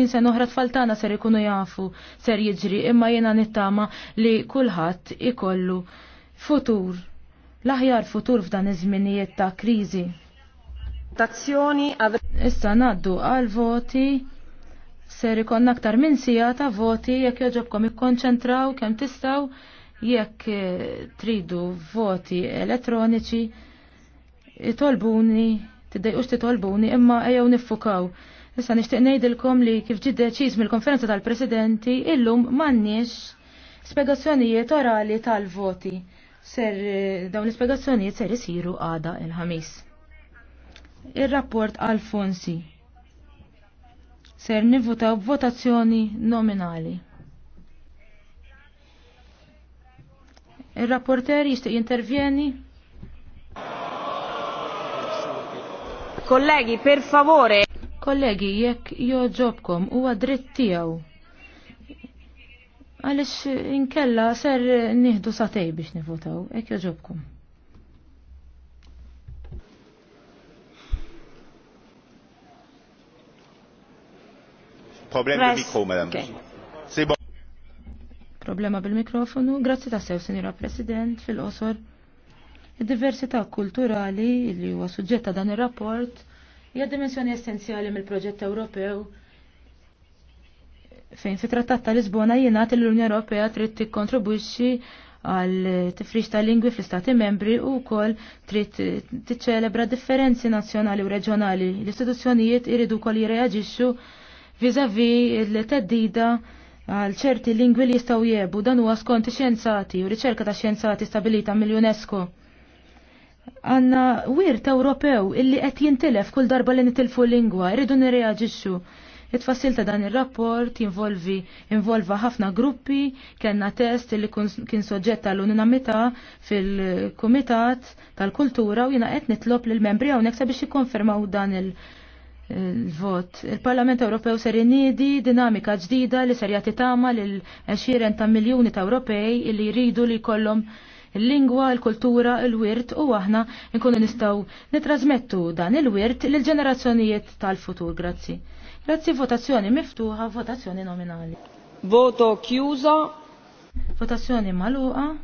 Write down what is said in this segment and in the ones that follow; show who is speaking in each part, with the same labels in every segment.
Speaker 1: Insen noħra tfaltana ser ikunu jafu ser jiġri imma jena nittama li kulħadd ikollu futur. L-aħjar futur f'dan iż-żminijiet ta' kriżi. Tazzjoni Issa naddu għal voti ser ikon aktar minn sija ta' voti jekk joġobkom ikkonċentraw kemm tistaw, jekk eh, tridu voti elettroniċi itolbuni tiddejqux titolbuni imma ejjew niffukaw. Issa nixtieq ngħidilkom li kif ġi deċiż mill-konferenza tal-Presidenti illum m'għandniex spiegazzjonijiet orali tal-voti. Ser eh, dawn l ispegazzjonijiet ser isiru għada il-ħamis. Ir-rapport għal Alfonsi ser nivvotaw votazzjoni nominali. Il-rapporter jistaq jintervjeni? Kollegi, per favore. Kollegi, jekk joġobkom huwa dritt tiegħu. Għaliex inkella ser nieħdu satej biex nivvotaw, ek joġobkom.
Speaker 2: Problema bil-mikro, madam.
Speaker 1: Problema bil-mikrofonu, grazzi ta' sew, senjora President, fil-qosor. Id-diversità kulturali li huwa suġġetta dan ir-rapport hija dimensjoni essenzjali mill-proġett Ewropew fejn fi trattat tal Lisbona jingħad li l-Unjoni Ewropea trid tikkontribwixxi għal tifrix ta' lingwi fl-istati membri u kol trid tiċċelebra differenzi nazzjonali u reġjonali. L-istituzzjonijiet iridu kol jirreaġixxu vizavi l-teddida għal ċerti lingwi li jistaw jebu dan huwa skont xjenzati u riċerka ta' xjenzati stabilita mill-UNESCO. Għanna wirt Ewropew illi qed jintilef kull darba li nitilfu lingwa, irridu nirreaġixxu. It-fassil ta' dan ir-rapport involvi involva ħafna gruppi, kellna test li kien soġġett tal-unanimità fil-Kumitat tal-Kultura u jiena qed nitlob lill membri hawnhekk sabiex jikkonfermaw dan il- il-vot. Il-Parlament Ewropew ser inidi dinamika ġdida li ser jagħti tama lil 20 ta' miljuni ta' Ewropej li jridu li jkollhom il-lingwa, il-kultura, il-wirt u aħna nkunu nistgħu nitrasmettu dan il-wirt l ġenerazzjonijiet tal-futur. Grazzi. Grazzi votazzjoni miftuħa, votazzjoni nominali.
Speaker 2: Voto chiusa. Votazzjoni
Speaker 1: maluqa.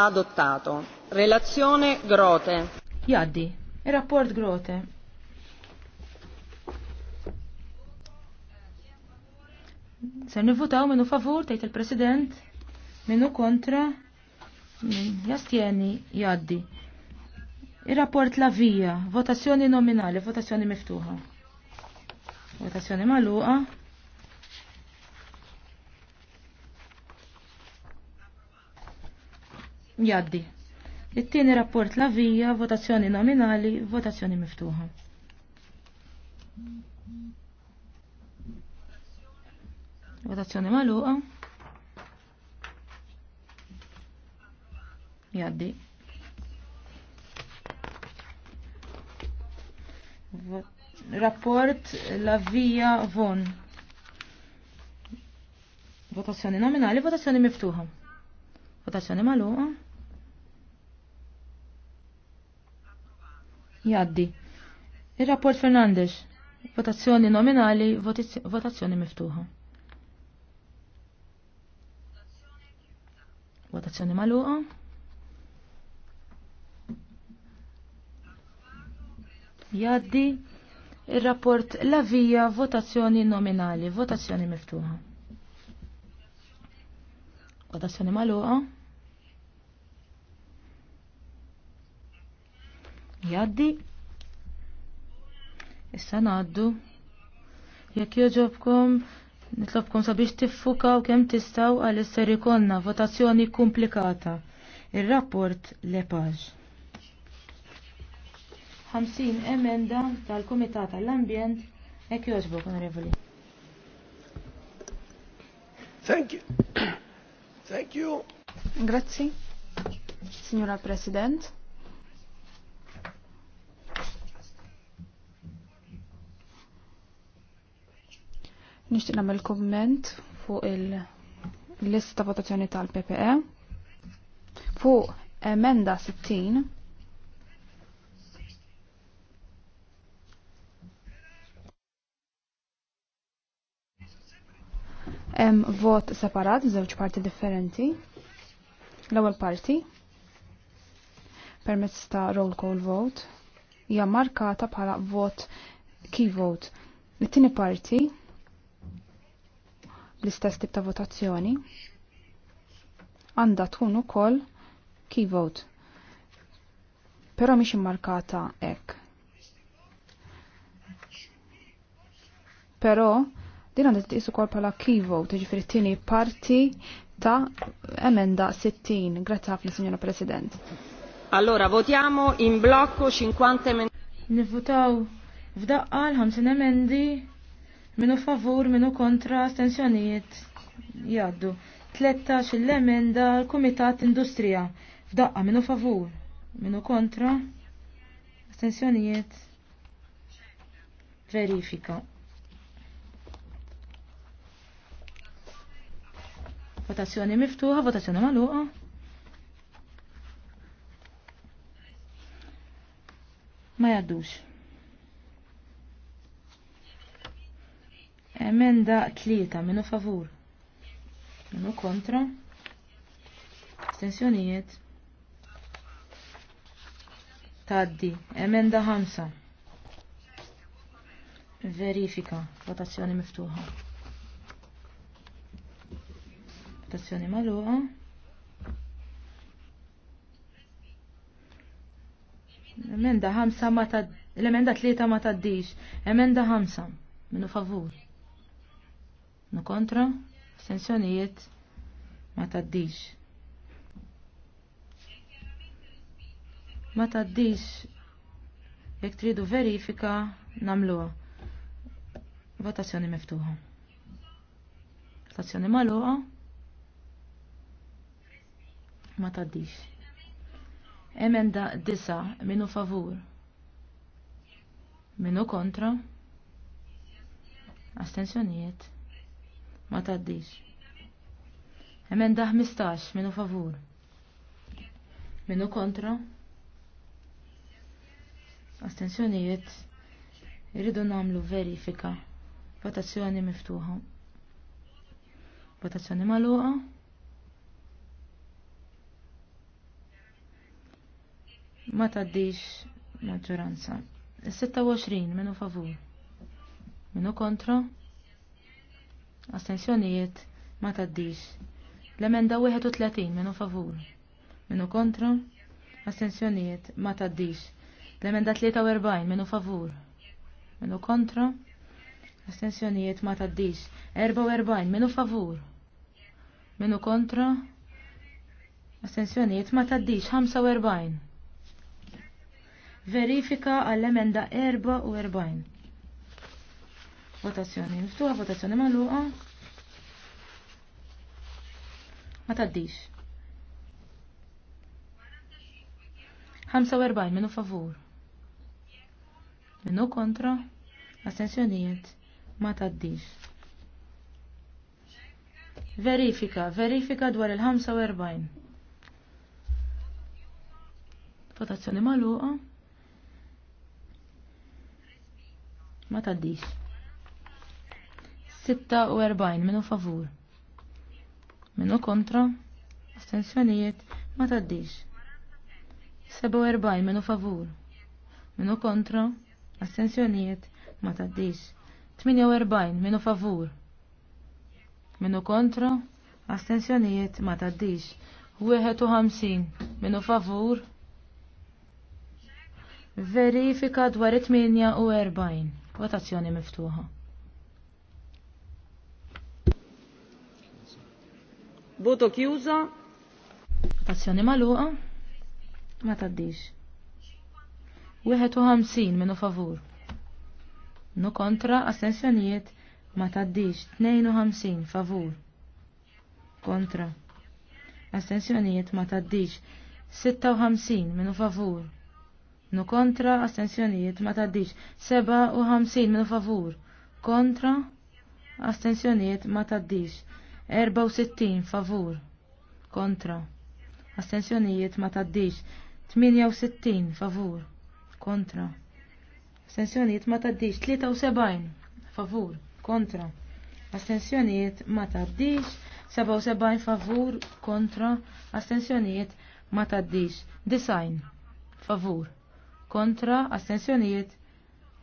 Speaker 2: Adottato. Relazione Grote. Jaddi. Il rapport Grote.
Speaker 1: Ser nivvutaw minnu favur tgħid il-President, minnu kontra, Jastieni jastjeni jgħaddi. Ir-rapport la via, votazzjoni nominali, votazzjoni miftuħa. Votazzjoni magħluqa. Jaddi. It-tieni rapport la via, votazzjoni nominali, votazzjoni miftuħa. Votazzjoni maluqa. Jaddi. Rapport la via von. Votazzjoni nominali, votazzjoni miftuħa. Votazzjoni maluqa. Jaddi. Il-rapport Fernandez. Votazzjoni nominali, votazzjoni miftuħa. Votazzjoni maluqa. Jaddi il-rapport la via votazzjoni nominali, votazzjoni miftuħa. Votazzjoni maluqa. Jaddi. Issa naddu. Jekk joġobkom Nitlobkom sabiex tiffukaw kemm tistaw għal isser ikonna votazzjoni komplikata. Ir-rapport Lepage. 50 emenda tal-Kumitat tal-Ambjent hekk jogħġbok, onorevoli.
Speaker 3: Thank you. Thank you.
Speaker 4: Grazzi, Signora President. Nixtieq nagħmel komment fuq il-lista votazzjoni tal-PPE. Fuq emenda 60 Hemm vot separat żewġ parti differenti. L-ewwel parti permezz ta' roll call vote hija markata bħala vot key vote. It-tieni parti l-istess tip ta' votazzjoni għandha tkun ukoll key vote. Però mhix immarkata hekk. Però din għandha tqis ukoll bħala key vote, jiġifieri tieni parti ta' emenda 60. Grazzi ħafna, Signora President.
Speaker 2: Allora, votiamo in blocco 50 emendamenti. Nivvotaw
Speaker 1: f'daqqa l-50 emendi Minu favur, minu kontra, astensjonijiet jaddu. 13 l-emenda l-Kumitat Industrija. F'daqqa minu favur, minu kontra, astensjonijiet verifika. Votazzjoni miftuħa, votazzjoni maluqa. Ma jaddux. Emenda tlieta minu favur. Minu kontra. Stensjonijiet? Taddi. Emenda ħamsa. Verifika. Votazzjoni miftuħa. Votazzjoni magħluqa. Emenda ħamsa ma tad... L-emenda tlieta ma taddix. Emenda ħamsa. Minu favur. Nu kontra, sensjonijiet ma taddix. Ma taddix jekk tridu verifika namluha. Votazzjoni miftuħa. Votazzjoni magħluqa. Ma taddix. Emenda disa minu favur. Minu kontra. Astensjonijiet ma taddix. Emenda mistax, minu favur. Minu kontra. Astenzjonijiet irridu namlu verifika. Votazzjoni miftuħa. Votazzjoni maluqa. Ma taddix maġġoranza. 26 minu favur. Minu kontra. Astensjonijiet ma taddix. L-emenda 31 minu favur. Minu kontra. Astensjonijiet ma taddix. L-emenda 43 minu favur. Minu kontra. Astensjonijiet ma taddix. 44 minu favur. Minu kontra. Astensjonijiet ma taddix. 45. Verifika għall-emenda 44. Votazzjoni miftuħa, votazzjoni magħluqa. Ma taddix. 45 minu favur. Minu kontra. Astensjonijiet. Ma taddix. Verifika, verifika dwar il-45. Votazzjoni magħluqa. Ma taddix. 46 minu favur. Minu kontra. Astensjonijiet ma taddix. 47 minu favur. Minu kontra. Astensjonijiet ma taddix. 48 minu favur. Minu kontra. Astensjonijiet ma taddix. 51 minu favur. Verifika dwar 48. Votazzjoni miftuħa.
Speaker 2: Voto chiuso.
Speaker 1: Passione maluqa. Ma taddix. 51 minu favur. Nu kontra astensjonijiet ma taddix 52 favur. Kontra. Astensjonijiet ma taddix 56 minu favur. Nu kontra astensjonijiet ma taddix 57 minu favur. Kontra astensjonijiet ma taddix 64 favur kontra astensjonijiet ma taddix 68 favur kontra astensjonijiet ma taddix 73 favur kontra astensjonijiet ma taddix 77 favur kontra astensjonijiet ma taddix design favur kontra astensjonijiet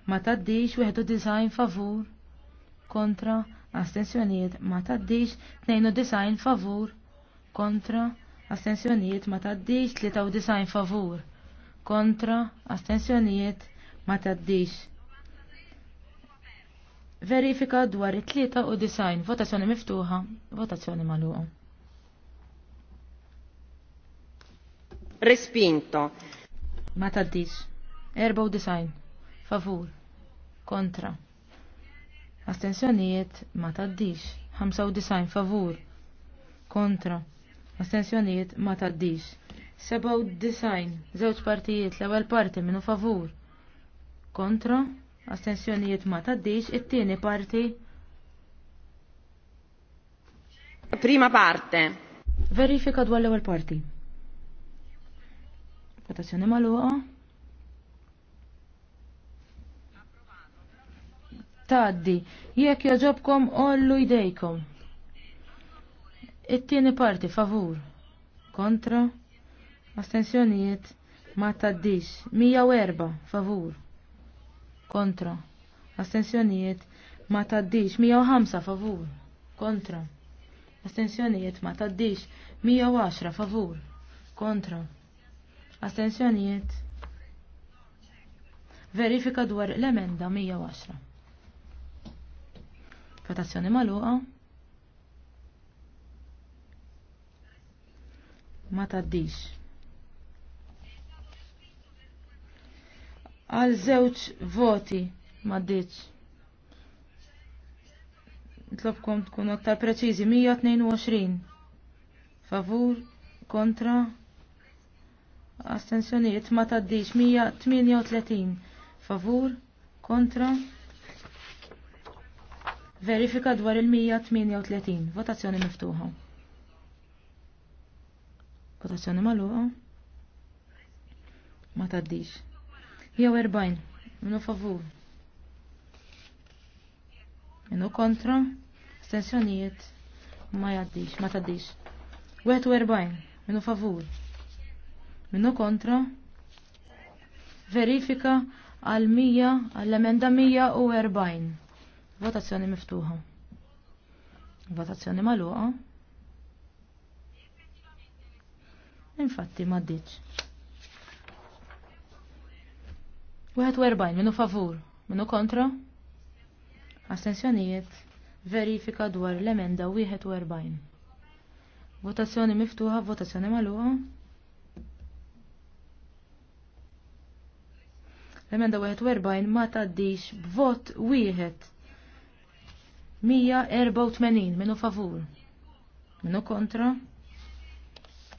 Speaker 1: ma taddix design favur kontra astensjonijiet ma taddix 92 favur kontra astensjonijiet ma taddix 93 favur kontra astensjonijiet ma taddix. Verifika dwar it-tlieta u design, votazzjoni miftuħa, votazzjoni magħluqa. Respinto. Ma taddix. Erba u design. Favur. Kontra astensjonijiet ma taddix 95 favur kontra astensjonijiet ma taddix 97 żewġ partijiet l-ewwel parti minnu favur kontra astensjonijiet ma taddix it-tieni parti
Speaker 2: Prima parte. Verifika dwar l-ewwel parti.
Speaker 1: Votazzjoni magħluqa. taddi. Jekk joġobkom ollu jdejkom. It-tieni parti favur. Kontra. Astensjonijiet ma taddix. erba, favur. Kontra. Astensjonijiet ma taddix. Mija ħamsa favur. Kontra. Astensjonijiet ma taddix. Mija għaxra, favur. Kontra. Astensjonijiet. Verifika dwar l-emenda 110 rotazzjoni maluqa. Ma taddix. Għal żewġ voti ma ddiċ. Nitlobkom tkun aktar preċiżi 122. Favur kontra astensjonijiet ma taddix 138. Favur kontra Verifika dwar il-138. Votazzjoni miftuħa. Votazzjoni magħluqa. Ma taddix. Jew erbajn. Minu favur. Minu kontra. Stensjonijiet. Ma jaddix. Ma taddix. erbajn. Minu favur. Minu kontra. Verifika għal 100 għall-emenda 140. Votazzjoni miftuħa. Votazzjoni maluqa. Infatti ma ddiċ. 41 minu favur, minu kontra. Astensjonijiet, verifika dwar l-emenda 41. Votazzjoni miftuħa, votazzjoni maluqa. L-emenda 41 ma taddix b'vot wieħed 184 minu favur. Minu kontra.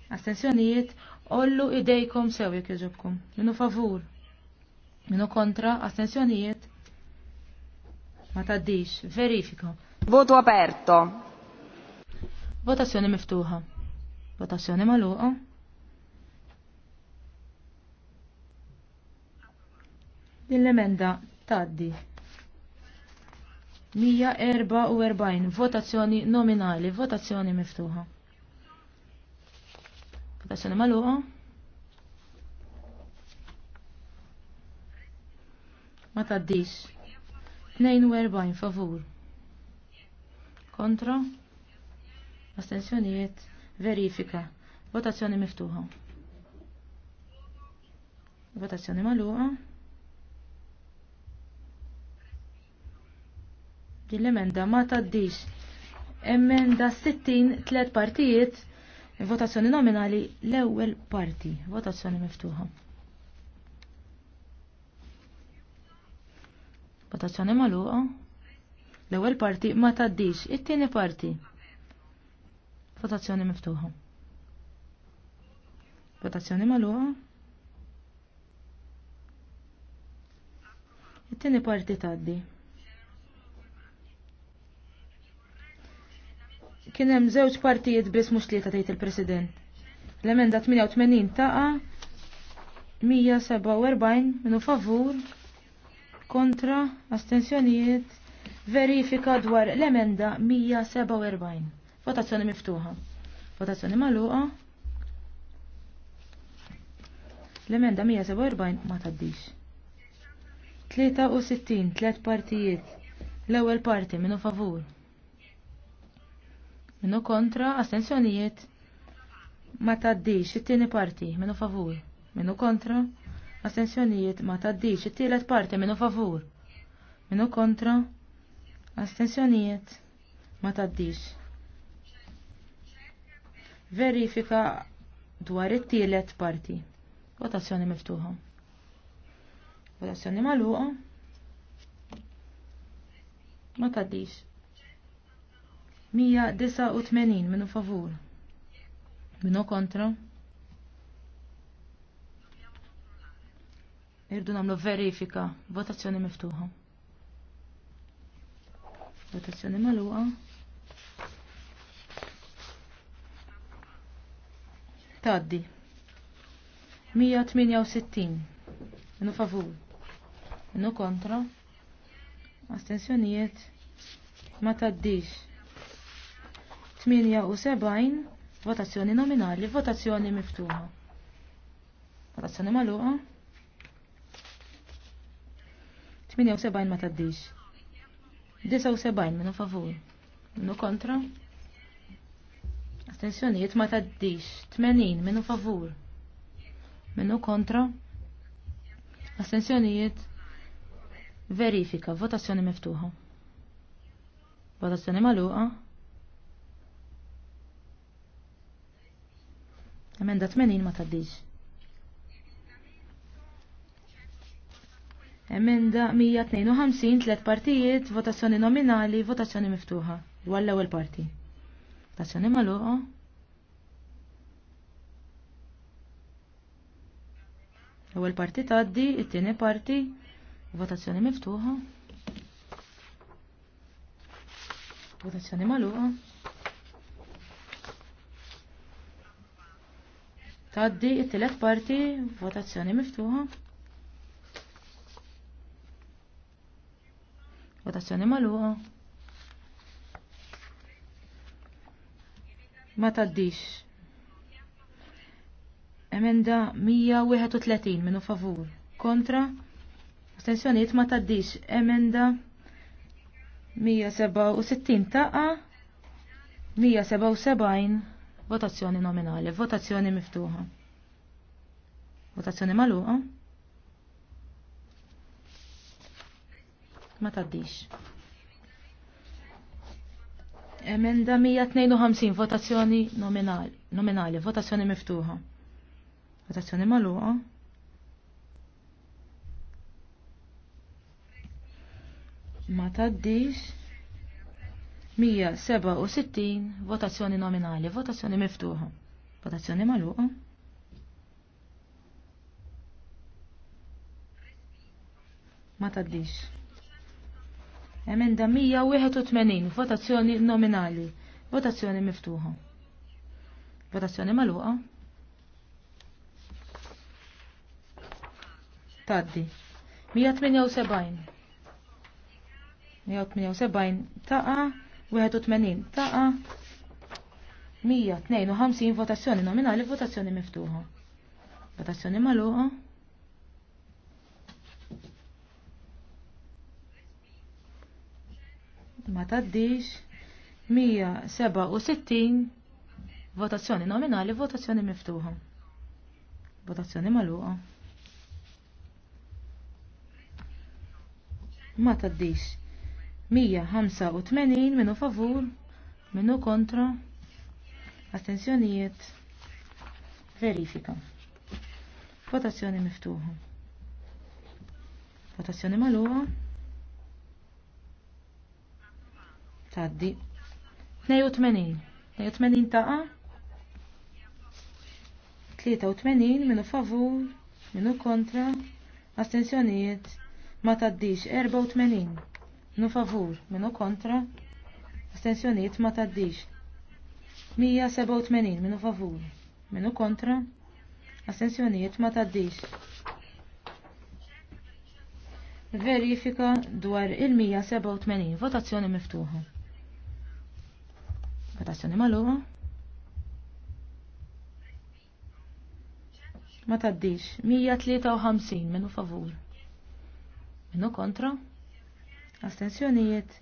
Speaker 1: Astensjonijiet ollu idejkom sew jekk jogħġobkom. Minu favur. Minu kontra. Astensjonijiet.
Speaker 2: Ma taddix. Verifika. Voto aperto.
Speaker 1: Votazzjoni miftuħa. Votazzjoni magħluqa. Din l-emenda taddi. 144 votazzjoni nominali, votazzjoni miftuħa. Votazzjoni maluqa. Ma taddis. 42 favur. Kontra. Astensjonijiet. Verifika. Votazzjoni miftuħa. Votazzjoni maluqa. Din l-emenda ma taddix. Emenda 60 tliet partijiet votazzjoni nominali l-ewwel parti, votazzjoni miftuħa. Votazzjoni magħluqa. L-ewwel parti ma taddix, it-tieni parti. Votazzjoni miftuħa. Votazzjoni magħluqa. It-tieni parti taddi. Kien hemm żewġ partijiet biss mhux tlieta tgħid il-President. L-emenda 88 taqa 147 minu favur kontra astensjonijiet verifika dwar l-emenda 147. Votazzjoni miftuħa. Votazzjoni magħluqa. L-emenda 147 ma taddix. 63 tlet partijiet. L-ewwel parti minu favur. Minu kontra, astensjonijiet ma taddix it-tieni parti, minu favur. Minu kontra, astensjonijiet ma taddix it-tielet parti, minu favur. Minu kontra, astensjonijiet ma taddix. Verifika dwar it-tielet parti. Votazzjoni miftuħa. Votazzjoni magħluqa. Ma taddix. 189 minu favur. Minu kontra. Irdu namlu verifika. Votazzjoni miftuħa. Votazzjoni maluqa. Taddi. 168. Minu favur. Minu kontra. Astensjonijiet. Ma taddix. 78 votazzjoni nominali, votazzjoni miftuħa. Votazzjoni maluqa. 78 ma taddix. 79 minu favur. Minu kontra. Astensjonijiet ma taddix. 80 minu favur. Minu kontra. Astensjonijiet. Verifika. Votazzjoni miftuħa. Votazzjoni maluqa. Emenda 80 ma tgħaddix. Emenda 152, tlet partijiet, votazzjoni nominali, votazzjoni miftuħa. Dwar l-ewwel parti. Votazzjoni magħluqa. L-ewwel parti tgħaddi, it-tieni parti, votazzjoni miftuħa. Votazzjoni magħluqa. Taddi it-tielet parti, votazzjoni miftuħa. Votazzjoni magħluqa. Ma taddix. Emenda 131 minu favur. Kontra. Astensjoniet ma taddix. Emenda 167 taqa. 177 Votazzjoni nominali, votazzjoni miftuħa. Votazzjoni maluqa. Ma taddix. Emenda 152, votazzjoni nominali, nominali votazzjoni miftuħa. Votazzjoni maluqa. Ma taddix. 167 votazzjoni nominali, votazzjoni miftuħa. Votazzjoni magħluqa. Ma taddix. Emenda 181, votazzjoni nominali, votazzjoni miftuħa. Votazzjoni magħluqa. Taddi. 178. 178 taqa' 81 taqa 152 votazzjoni nominali votazzjoni miftuħa. Votazzjoni magħluqa. Ma taddix 167 votazzjoni nominali votazzjoni miftuħa. Votazzjoni magħluqa. Ma taddix 185 minu favur, minu kontra, astensjonijiet, verifika. Votazzjoni miftuħa. Votazzjoni maluħa. Taddi. 82. 82 taqa. 83 minu favur, minu kontra, astensjonijiet, ma taddix 84. Nu favur, minu kontra, astensjoniet ma taddix. 187 minu favur, minu kontra, astensjoniet ma taddix. Verifika dwar il-187, votazzjoni miftuħa. Votazzjoni maluħa. Ma taddix, 153 minu favur. Minu kontra? Astenzjonijiet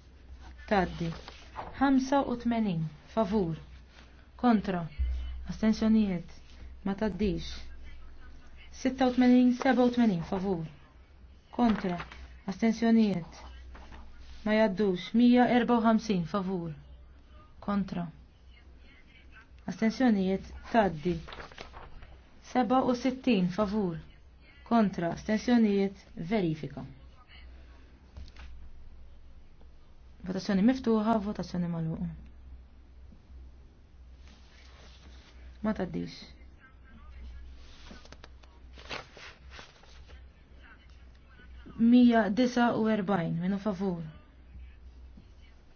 Speaker 1: taddi 85 favur kontra Astenzjonijiet ma taddix 86 87 favur kontra Astenzjonijiet ma jaddux 154 favur kontra Astenzjonijiet taddi 67 favur kontra Astenzjonijiet verifika Votazzjoni miftuħa, votazzjoni maluq. Ma taddis. Mija disa u erbajn, minu favur.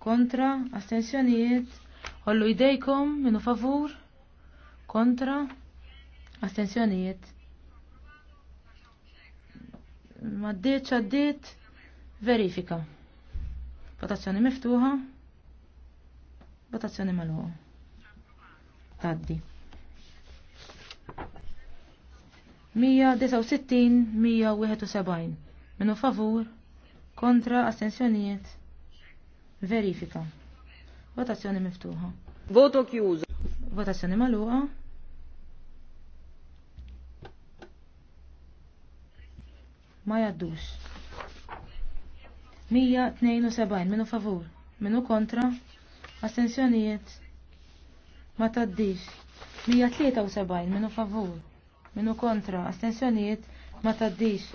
Speaker 1: Kontra, astensjonijiet, Hollu idejkom, minu favur. Kontra, astensjonijiet. Maddiet, ċaddiet, verifika. Votazzjoni miftuħa. Votazzjoni magħluqa. Taddi. 169-171. Minu favur, kontra astensjonijiet, verifika. Votazzjoni miftuħa. Voto chiuso. Votazzjoni maluqa. Ma jaddux. 172 minu favur, minu kontra, astensjonijiet ma taddix. 173 minu favur, minu kontra, astensjonijiet ma taddix.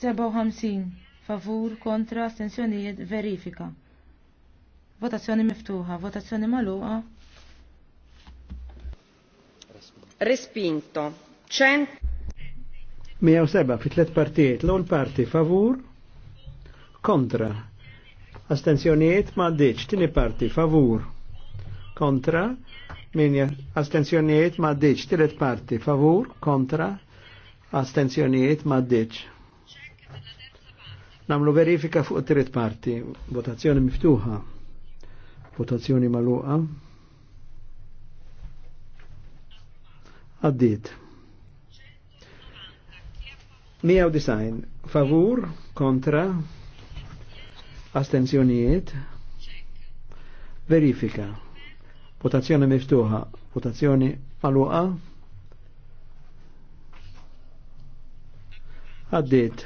Speaker 1: 157 favur, kontra, astensjonijiet verifika. Votazzjoni miftuħa, votazzjoni maluqa.
Speaker 2: Respinto.
Speaker 3: 100 107 fi tlet partijiet, l-ewwel parti favur, kontra. Astenzjonijiet ma ddiċ, tini parti favur, kontra. Minja, astenzjonijiet ma ddiċ, tilet parti favur, kontra. Astenzjonijiet ma ddiċ. Namlu verifika fuq it-tret parti, votazzjoni miftuħa, votazzjoni maluqa. Għaddit. 190 favur kontra astenzjonijiet verifika votazzjoni miftuħa votazzjoni maluqa għaddit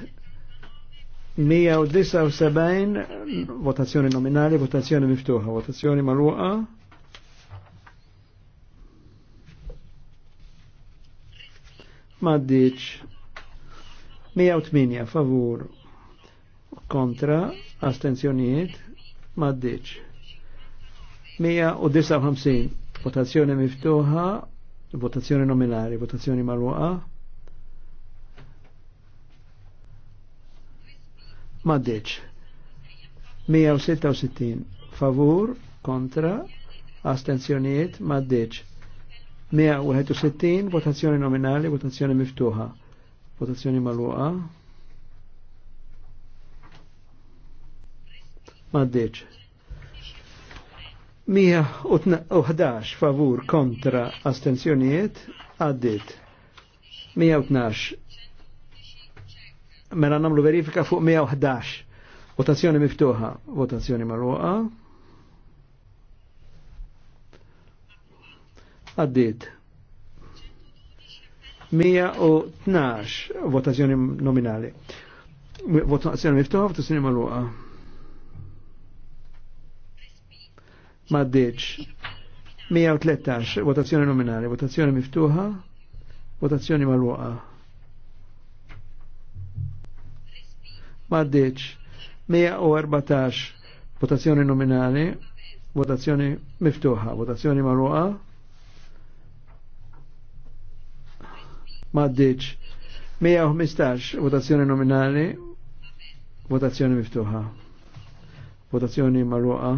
Speaker 3: 179 votazzjoni nominali votazzjoni miftuħa votazzjoni maluqa maddiċ 108 favur kontra astenzjonijiet maddiċ. 159 votazzjoni miftuħa, votazzjoni nominali, votazzjoni marwaqa. Maddiċ. 166 favur kontra astenzjoniet maddiċ. 161 votazzjoni nominali, votazzjoni miftuħa Votazzjoni maluqa. Maddeċ. uħdax favur kontra astenzjoniet għaddit. 112 mela namlu verifika fuq uħdax Votazzjoni miftuħa, votazzjoni marruqa. Għaddit. 112 votazzjoni nominali. Votazzjoni miftuħa, votazzjoni maluqa. Maddiċ. 113 votazzjoni nominali, votazzjoni miftuħa, votazzjoni maluqa. Maddiċ. 114 votazzjoni nominali, votazzjoni miftuħa, votazzjoni maluqa. maddiċ. 115 votazzjoni nominali, votazzjoni miftuħa. Votazzjoni marruqa.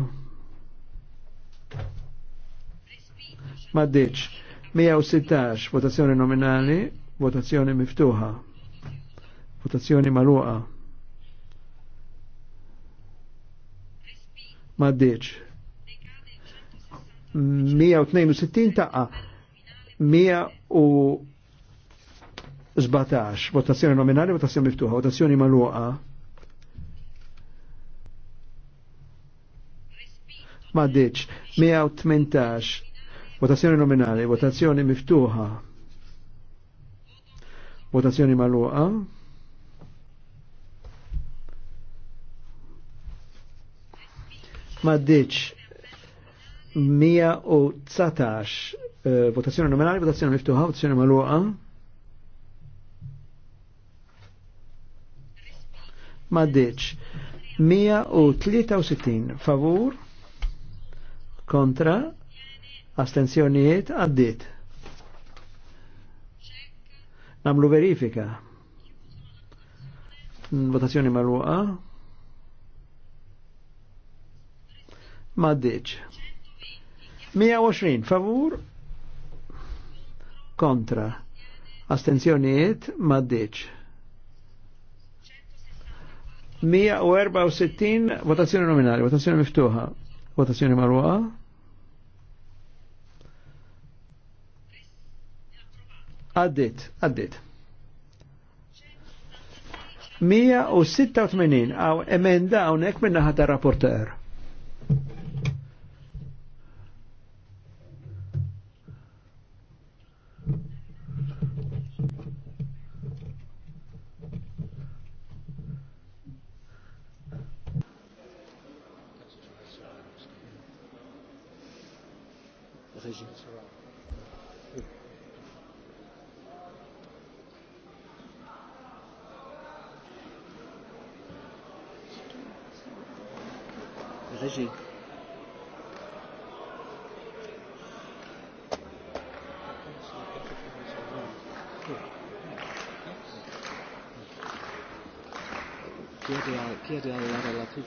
Speaker 3: Maddiċ. 116 votazzjoni nominali, votazzjoni miftuħa. Votazzjoni marruqa. Maddiċ. 162 taqa. 100 u 17, votazzjoni nominali, votazzjoni miftuħa, votazzjoni maluqa. Ma ditx, 118, votazzjoni nominali, votazzjoni miftuħa, votazzjoni maluqa. Ma ditx, 119, votazzjoni nominali, votazzjoni miftuħa, votazzjoni maluqa. ma deċ. 163 favur kontra astenzjonijiet għaddit. Namlu verifika. Mm, votazzjoni marruqa. Ma ddiċ. 120 favur kontra. Astenzjonijiet ma 164 votazzjoni nominali, votazzjoni miftuħa, votazzjoni marwa. Għaddit, għaddit. 186 għaw emenda għawnek minna ħata rapporter.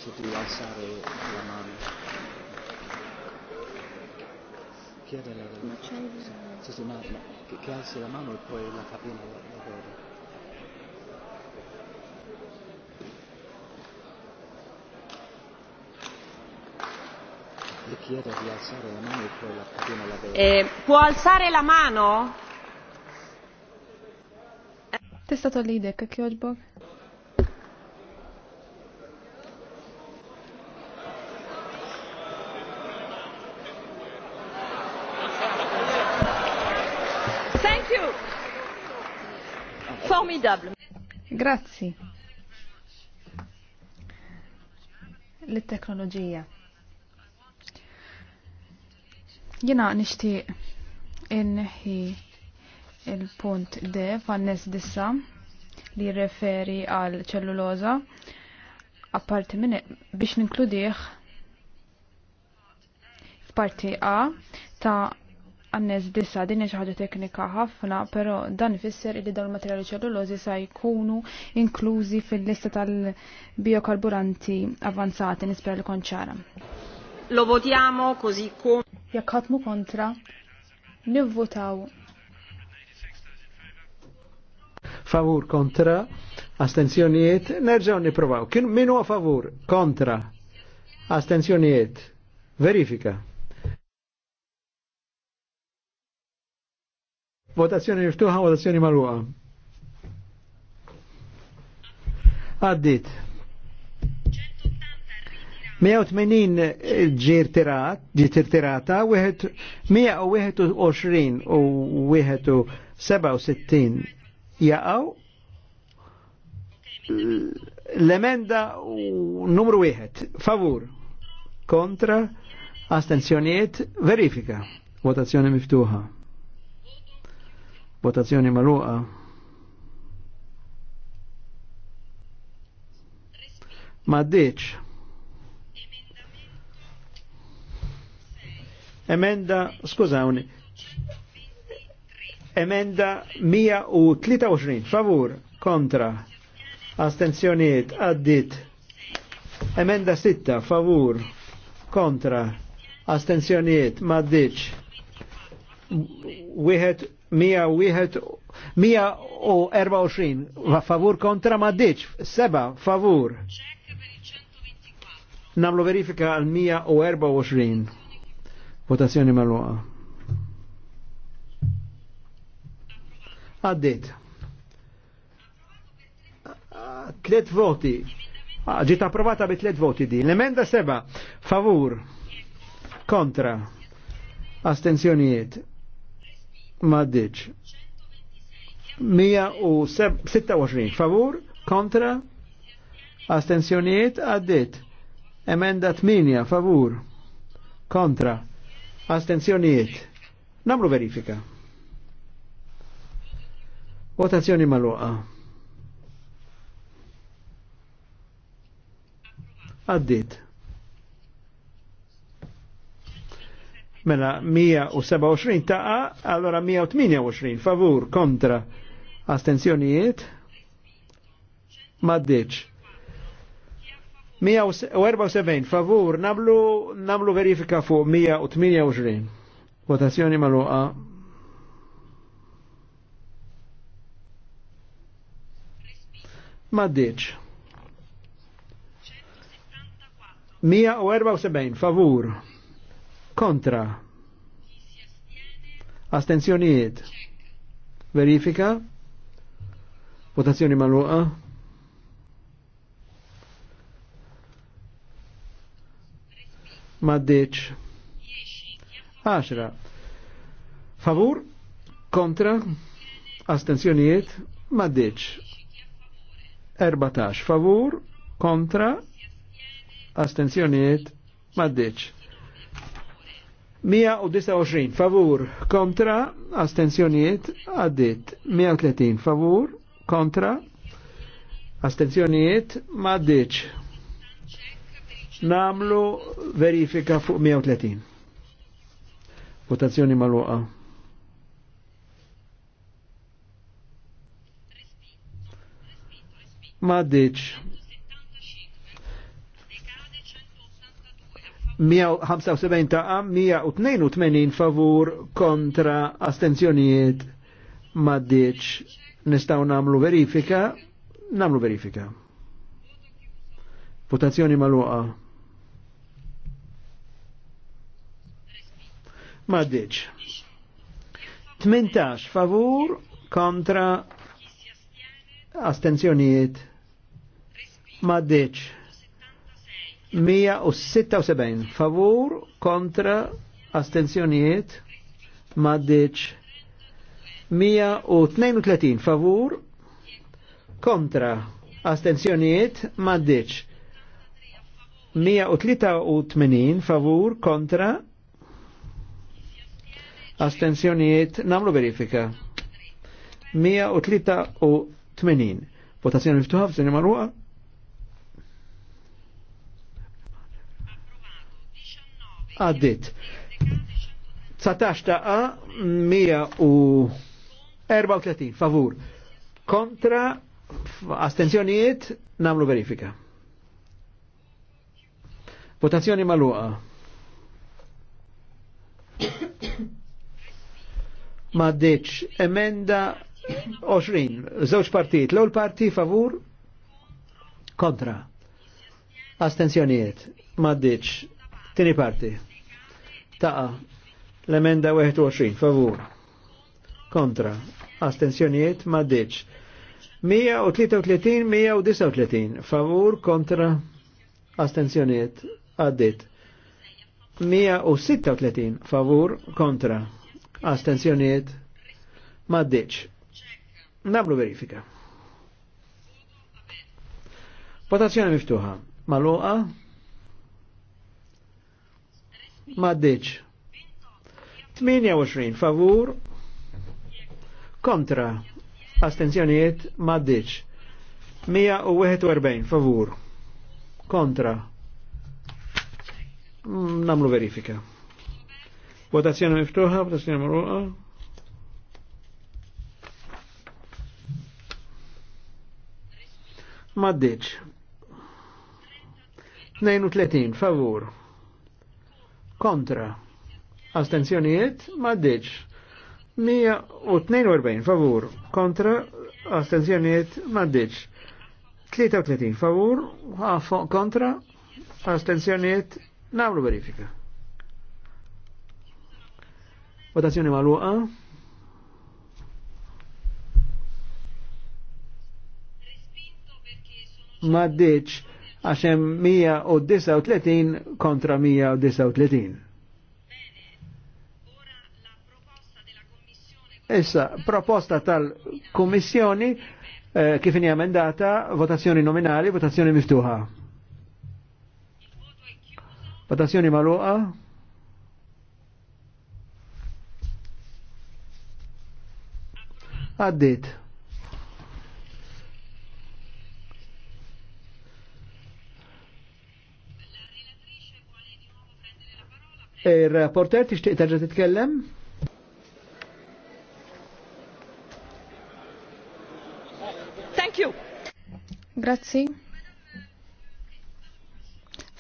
Speaker 3: invito di alzare la mano. Chi era la mano? Sì, sì, ma, ma che, che alzi la mano e poi la cabina la, la vede. E e eh,
Speaker 2: può alzare la mano? Testa tollidek, kjoġbog? formidable. Grazzi.
Speaker 4: L-teknoloġija. Jena nishti inħi il-punt D fannes dissa li referi għal ċelluloza apparti minn biex ninkludih f'parti A ta' għannez dissa din xi ħaġa teknika ħafna, però dan ifisser li dawn materjali ċellulożi sa jkunu inklużi fil-lista tal-biokarburanti avanzati nispera li konċara. ċara.
Speaker 2: Lo votiamo così come jekk ħatmu kontra nivvotaw
Speaker 3: favur kontra astenzjonijiet nerġaw niprovaw kien minu a favur kontra astenzjonijiet verifika Votazzjoni miftuħa, votazzjoni marruqa. Għaddit. 180 ġir tirat, ġir tirata, 121 u 67 jaqaw l-emenda numru 1, favur, kontra, astenzjoniet, verifika, votazzjoni miftuħa. Votazzjoni marruqa. Ma ddiċ. Emenda, skużawni. Emenda 123, favur, kontra, astenzjoniet, addit. Emenda 6, favur, kontra, astenzjoniet, maddiċ. Wieħed 124 va favur kontra ma diċ, seba favur. Namlu verifika għal 124. Votazzjoni mal-luqa. Għaddit. Tlet voti. Ah, ġiet approvata bi tlet voti di. L-emenda seba. Favur. Kontra. Astenzjonijiet maddiċ. 126 favur kontra astensjonijiet għaddit. Emenda 8 favur kontra astensjonijiet. Namlu verifika. Votazzjoni maluqa. Għaddit. mela 127 taqa, allora 128 favur kontra astenzjonijiet maddeċ. 174 favur namlu, nablu verifika fuq 128. Votazzjoni maluqa. Maddiċ. 174 favur kontra astenzjonijiet verifika votazzjoni maluqa Maddeċ. Aċra. favur kontra astenzjonijiet Maddeċ. 14 favur kontra astenzjonijiet maddiċ 129 favur kontra astenzjoniet għaddit 130 favur kontra astenzjoniet ma għaddit namlu verifika fuq 130 votazzjoni maluqa ma għaddit 175 ta' 182 favur kontra astenzjonijiet maddiċ. Nistaw namlu verifika, namlu verifika. Votazzjoni maluqa. Maddiċ. 18 favur kontra astenzjonijiet maddiċ. 176 favur kontra astenzjonijiet maddeċ 132 favur kontra astenzjonijiet maddeċ 183 favur kontra astenzjonijiet namlu verifika 183 votazzjoni ftuħa f'sinema ruqa għaddit. 19 taqa 134 favur. Kontra astenzjonijiet namlu verifika. Votazzjoni maluqa. Maddeċ, emenda 20, zewġ partijiet, l-ewwel parti favur, kontra. Astenzjonijiet, maddeċ, Tini parti. Taqa. L-emenda 21. Favur. Kontra. Astenzjonijiet ma deċ. 133, 139. Favur kontra astenzjoniet għaddit. 136 favur kontra astenzjoniet maddiċ. Nablu verifika. Votazzjoni miftuħa. Maluqa maddiċ. 28 favur kontra astenzjonijiet maddiċ. 141 favur kontra mm, namlu verifika. Votazzjoni miftuħa, votazzjoni marruqa. Maddiċ. 32 favur kontra, astenzjonijiet ma maddiċ. 142 favur kontra, astenzjonijiet ma maddiċ. 33 favur kontra, astenzjonijiet namlu verifika. Votazzjoni maluqa. Maddiċ għaxem 139 kontra 139. Issa, proposta tal-Kommissjoni eh, kif hija emendata, votazzjoni nominali, votazzjoni miftuħa. Votazzjoni maluqa. Għaddit. Il-rapporter tixtieq terġa' titkellem? Thank you. Grazzi.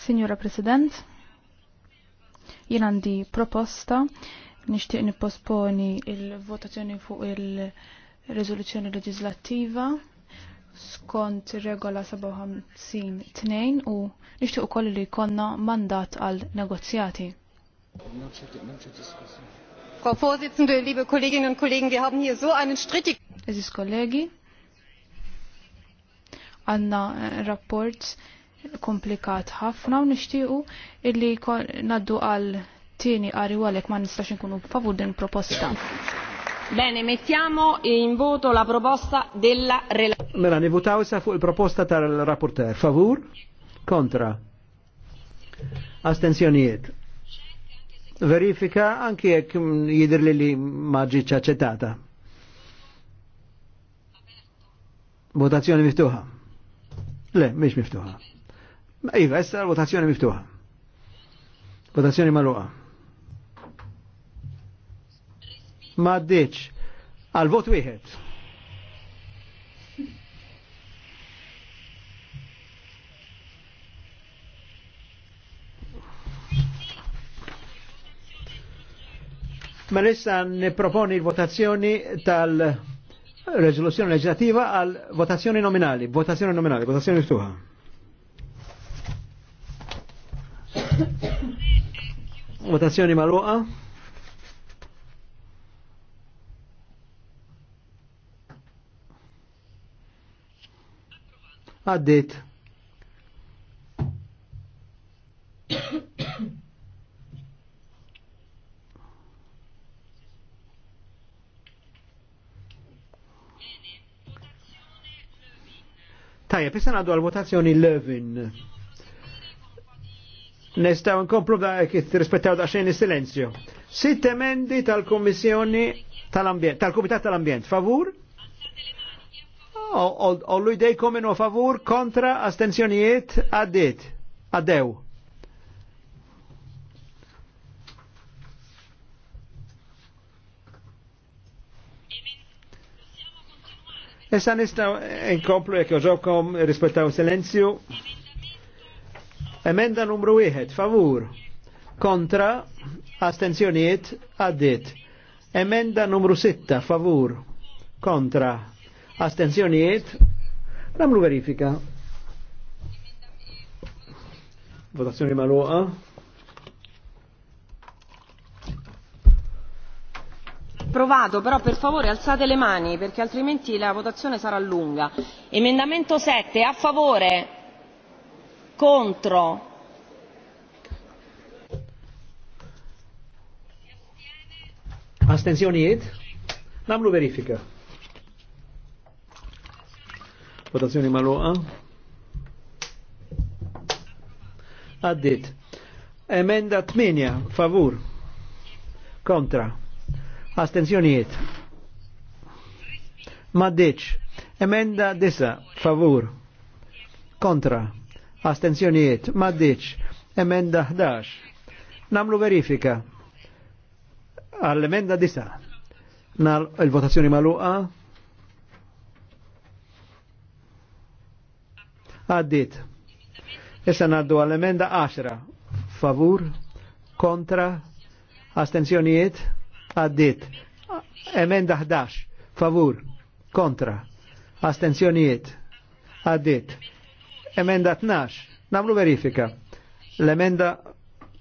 Speaker 4: Signora President, jien għandi proposta nixtieq niposponi il-votazzjoni fuq il-riżoluzzjoni leġislattiva skont regola 57-2 u nixtieq ukoll li jkollna mandat għal negozjati.
Speaker 2: Frau Vorsitzende, liebe Kolleginnen und Kollegen, wir haben hier so einen strittigen... Es ist Kollegi. Anna
Speaker 4: eh, rapport komplikat ħafna u nishtiqu illi naddu
Speaker 2: għal tieni għari għalek ma nistax nkunu favur din proposta. Bene, mettiamo in voto la proposta della relazione.
Speaker 3: Mela, nivutaw sa fuq il-proposta tal-rapporter. Favur? Kontra? Astenzjonijiet? verifika anki jekk jidher li li ma ġietx aċċettata. Votazzjoni miftuħa. Le, mhix miftuħa. Iva, issa votazzjoni miftuħa. Votazzjoni magħluqa. Ma ddiċ għal vot wieħed. Ma ne niproponi l-votazzjoni tal-rezoluzzjoni legislativa għal votazzjoni nominali, votazzjoni nominali, votazzjoni ftuħa. Votazzjoni maluqa. Għaddit. Tajja, pissa għaddu għal-votazzjoni Levin. Nistaw nkomplu da' eh, kif rispettaw da' xejn il-silenzju. Sitt emendi tal komissjoni tal-Ambjent, tal-Komitat tal-Ambjent, favur? Ollu komin u favur kontra astenzjonijiet għaddit, għaddew. Issa nistaw inkomplu jek joġobkom rispettaw silenzju. Emenda numru 1, favur. Kontra, astenzjoniet, addit. Emenda numru 6, favur. Kontra, astenzjoniet, namlu verifika. Votazzjoni maluqa.
Speaker 2: approvato però per favore alzate le mani perché altrimenti la votazione sarà lunga emendamento 7 a favore contro
Speaker 3: Astenzjonijiet? Namlu verifika. Votazzjoni maluqa. addit Emenda 8, favur. Kontra astenzjonijiet. Maddiċ. Emenda disa, favur. Kontra. Astenzjonijiet. Maddiċ. Emenda 11. Namlu verifika. Għall-emenda disa. Nal il-votazzjoni maluqa. Għaddit. Issa naddu għall-emenda 10. Favur. Kontra. Astenzjonijiet għaddit. Emenda 11, favur, kontra, astenzjonijiet, għaddit. Emenda 12, namlu verifika. L-emenda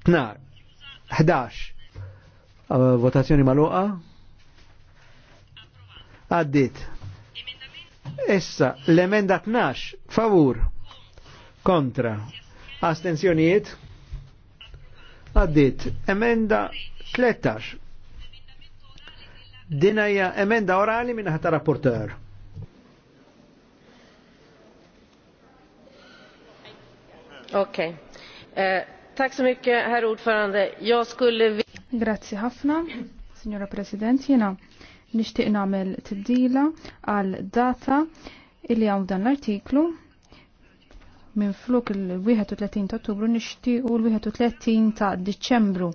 Speaker 3: 11, votazzjoni maluqa, għaddit. Issa, l-emenda 12, favur, kontra, astenzjonijiet, għaddit. Emenda 13, Dinajja emenda orali minn ħata rapporteur.
Speaker 1: Okej. Okay. Uh, eh, Tack så mycket, herr ordförande. Jag skulle...
Speaker 4: Grazie ħafna, signora President. Jena nishtiq namel tibdila għal data illi għaw dan l-artiklu minn fluk il-31 ta' ottubru u l-31 ta' deċembru.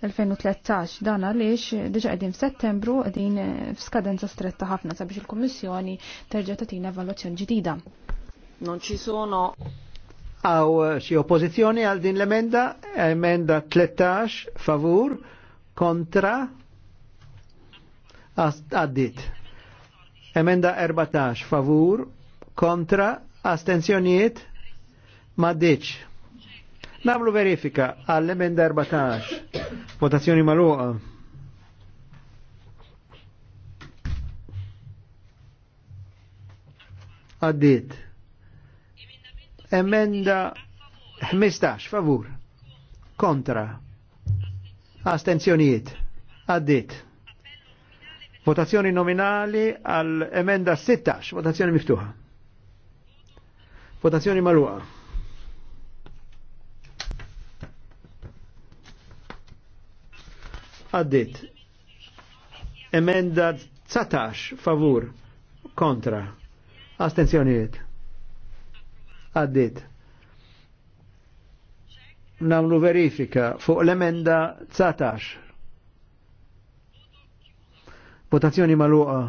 Speaker 4: 2013 dan għaliex diġa qegħdin f'Settembru qegħdin eh, f'skadenza stretta ħafna sabiex il-Kummissjoni terġa' tagħtina evaluazzjoni ġdida.
Speaker 2: Non ci sono
Speaker 3: għaw xi oppożizzjoni għal din l-emenda, emenda 13 favur kontra għaddit. Emenda 14 favur kontra astenzjonijiet ma' Namlu verifika għall-emenda 14. Votazzjoni maluqa. Għaddit. Emenda 15, favur. Kontra. Astenzjonijiet. Għaddit. Votazzjoni nominali għall-emenda 16. Votazzjoni miftuħa. Votazzjoni maluqa. għaddit. Emenda 19 favur kontra. Astenzjonijiet. Għaddit. Namlu verifika fuq l-emenda 19. Votazzjoni maluqa.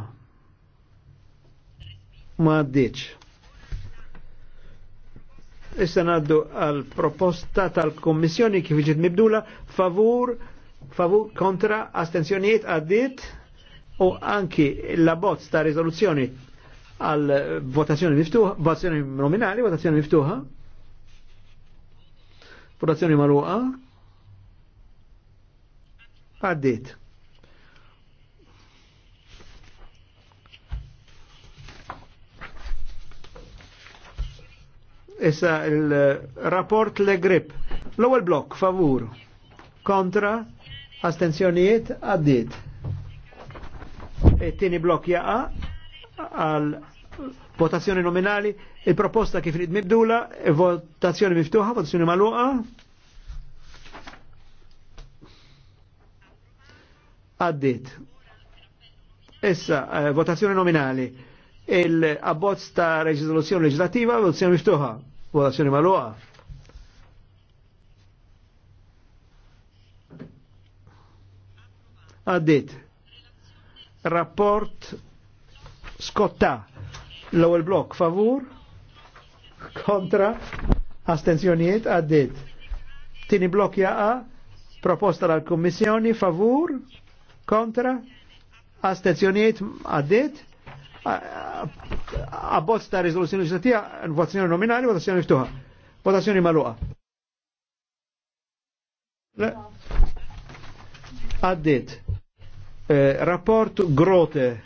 Speaker 3: Ma għaddiċ. Issa naddu għal proposta tal-Kommissjoni kif ġiet mibdula favur favur kontra astenzjoniet għaddit u anki la bozz ta' rizoluzzjoni għal votazzjoni miftuħa, votazzjoni nominali, votazzjoni miftuħa, votazzjoni marruqa, għaddit. Issa il-rapport le grip. L-ewwel blok favur kontra astenzjonijiet għaddit. E tini tieni blok jaqa għal votazzjoni nominali, il-proposta kif rid mibdula, e votazzjoni miftuħa, votazzjoni maluqa. Għaddit. Issa, e, votazzjoni nominali, il-abbozz ta' reġizoluzjoni leġislativa, votazzjoni miftuħa, votazzjoni maluqa. għaddit. Rapport skotta l-ewwel blok favur kontra astenzjonijiet għaddit. Tini blok jaqa proposta l kummissjoni favur kontra astenzjonijiet għaddit. Abbozz ta' riżoluzzjoni legislativa, votazzjoni nominali, votazzjoni ftuħa. Votazzjoni maluqa. Għaddit. Eh, rapport Grote.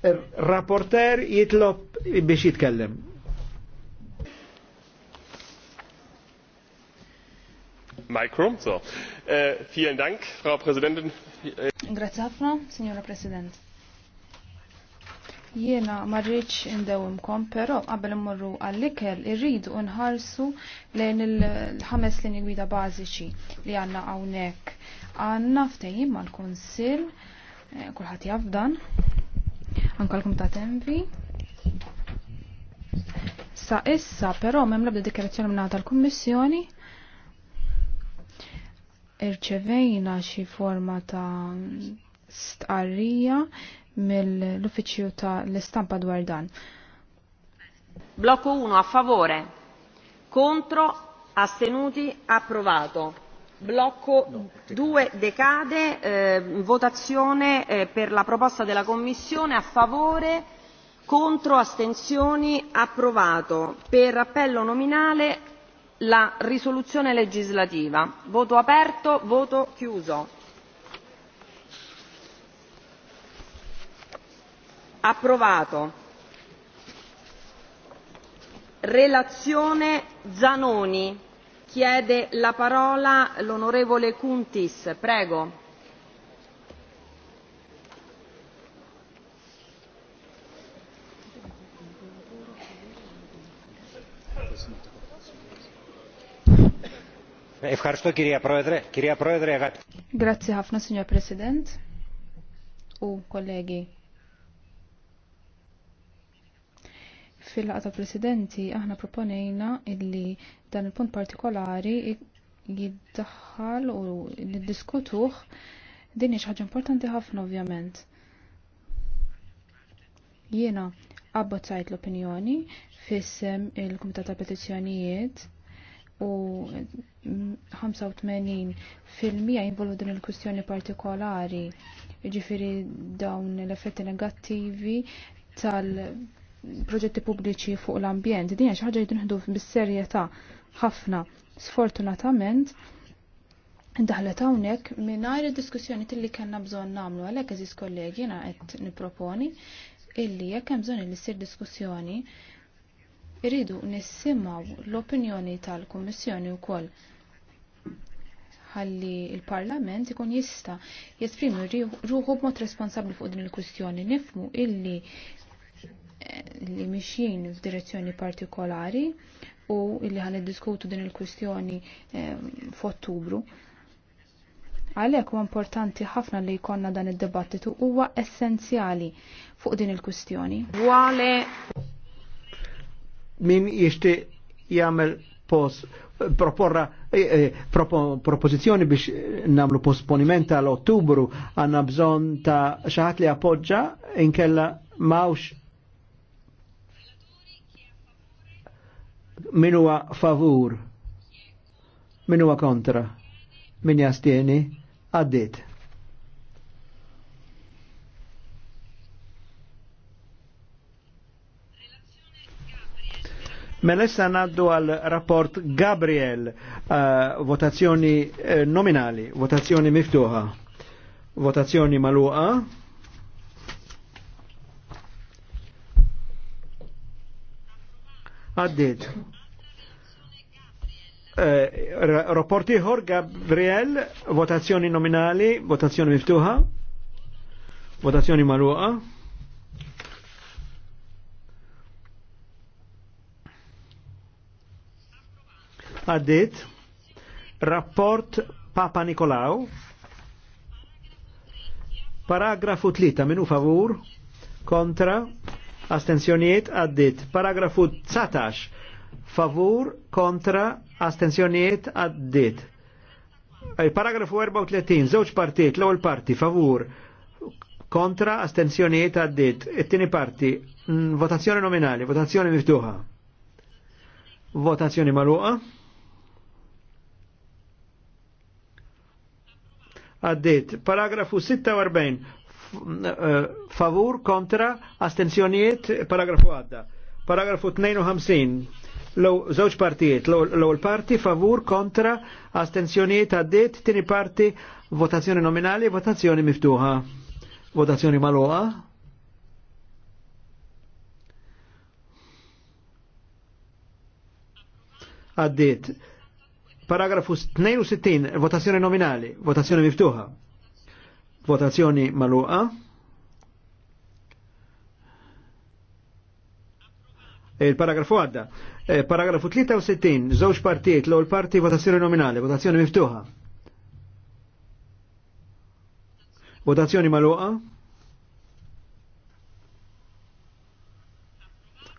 Speaker 3: Eh, rapporter jitlob biex jitkellem. Micro,
Speaker 2: so. Eh, vielen Dank, Frau Präsidentin.
Speaker 4: Grazie, Frau, Signora Präsidentin. Jiena marriċ indewimkom, pero qabel immorru għall-ikel irridu nħarsu lejn il-ħames linji gwida bażiċi li għanna hawnhekk. Għanna ftejim mal-Kunsill, eh, kulħadd jafdan. għanka anke l ta' tempi. Sa issa però m'hemm labda ebda dikjarazzjoni mingħata l-Kummissjoni irċevejna xi forma ta' stqarrija mill-uffiċju ta' l-istampa dwar dan.
Speaker 2: Blocco 1 a favore, contro, astenuti, approvato. Blocco 2 decade, eh, votazione eh, per la proposta della Commissione a favore, contro, astensioni, approvato. Per appello nominale la risoluzione legislativa. Voto aperto, voto chiuso. approvato relazione Zanoni chiede la parola l'onorevole Kuntis prego
Speaker 4: Grazie Hafna signor Presidente u colleghi fil ta' presidenti aħna proponejna illi dan il-punt partikolari jiddaħħal u niddiskutuh din hija ħaġa importanti ħafna ovvjament. Jiena abbozzajt l-opinjoni fissem il-Kumitat ta' Petizzjonijiet u 85 fil-mija jinvolu din il-kustjoni partikolari ġifiri dawn l-effetti negattivi tal proġetti pubbliċi fuq l-ambjent. Din xi ħaġa jidnħdu bis-serjetà ħafna. Sfortunatament daħlet hawnhekk mingħajr id-diskussjoni tilli kellna bżonn nagħmlu għalhekk eżis kollegi jiena qed nipproponi illi jekk hemm bżonn li ssir diskussjoni iridu nissimgħu l-opinjoni tal-Kummissjoni wkoll ħalli il-Parlament ikun jista jesprimi ruħu b'mod responsabbli fuq din il-kwistjoni nifmu illi li mixjin f'direzzjoni partikolari u illi ħan diskutu din il-kwistjoni ehm, f'Ottubru. Għalhekk huwa importanti ħafna li jkollna dan id-dibattitu huwa essenzjali fuq din il-kwistjoni.
Speaker 2: Wale
Speaker 3: min jixti jagħmel pos proporra eh, eh, propożizzjoni biex namlu posponiment għal ottubru għanna bżon ta' xaħat li appoġġa inkella mawx Min huwa favur? Min huwa kontra? Min jastieni? Għaddit. Mela issa naddu għal rapport Gabriel, uh, votazzjoni uh, nominali, votazzjoni miftuħa, votazzjoni maluqa. għaddit. Eh, Rapporti ħor Gabriel, votazzjoni nominali, votazzjoni miftuħa, votazzjoni marruqa. Għaddit, rapport Papa Nikolaw, paragrafu 3, minu favur, kontra, astenzjonijiet għaddit. Paragrafu 19, favur kontra astenzjonijiet għaddit. Paragrafu 34, żewġ partijiet, l-ewwel parti favur kontra astensjonijiet għaddit. It-tieni parti, votazzjoni nominali, votazzjoni miftuħa. Votazzjoni magħluqa. Għaddit. Paragrafu 46, Eh, favur kontra astenzjonijiet paragrafu għadda. Paragrafu 52 l zoċ partijiet, l parti favur kontra astenzjonijiet għaddiet, tini parti votazzjoni nominali, votazzjoni miftuħa. Votazzjoni magħluqa. Għaddit. Paragrafu 62, votazzjoni nominali, votazzjoni miftuħa. Votazzjoni maluqa. Il-paragrafu għadda. Eh, paragrafu 63, żewġ partijiet, l-ewwel parti votazzjoni nominali, votazzjoni miftuħa. Votazzjoni maluqa.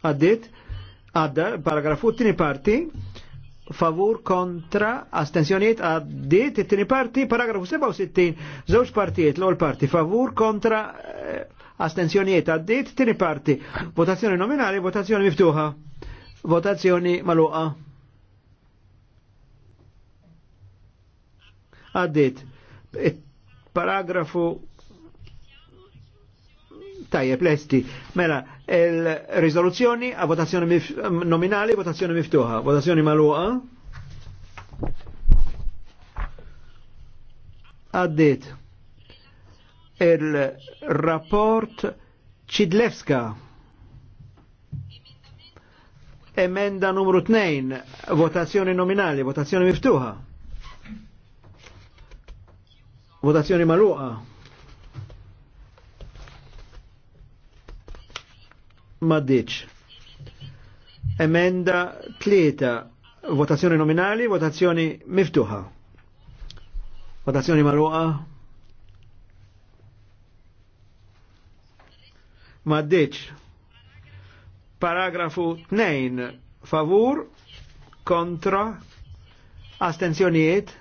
Speaker 3: Għaddit, għadda, paragrafu t-tini parti, favur kontra astensjoniet għaddit it-tini parti paragrafu 67 Zewġ partijiet l-ewwel parti favur kontra eh, astensjoniet għaddit it-tini parti votazzjoni nominali votazzjoni miftuħa votazzjoni maluqa għaddit paragrafu tajjeb lesti mela il-rizoluzzjoni a votazzjoni mif nominali, votazzjoni miftuħa, votazzjoni maluqa. Għaddit il-rapport Cidlewska. Emenda numru 2, votazzjoni nominali, votazzjoni miftuħa. Votazzjoni maluqa. maddiċ. Emenda tlieta. votazzjoni nominali, votazzjoni miftuħa. Votazzjoni marruqa. Maddiċ. Paragrafu 2, favur, kontra, astenzjonijiet,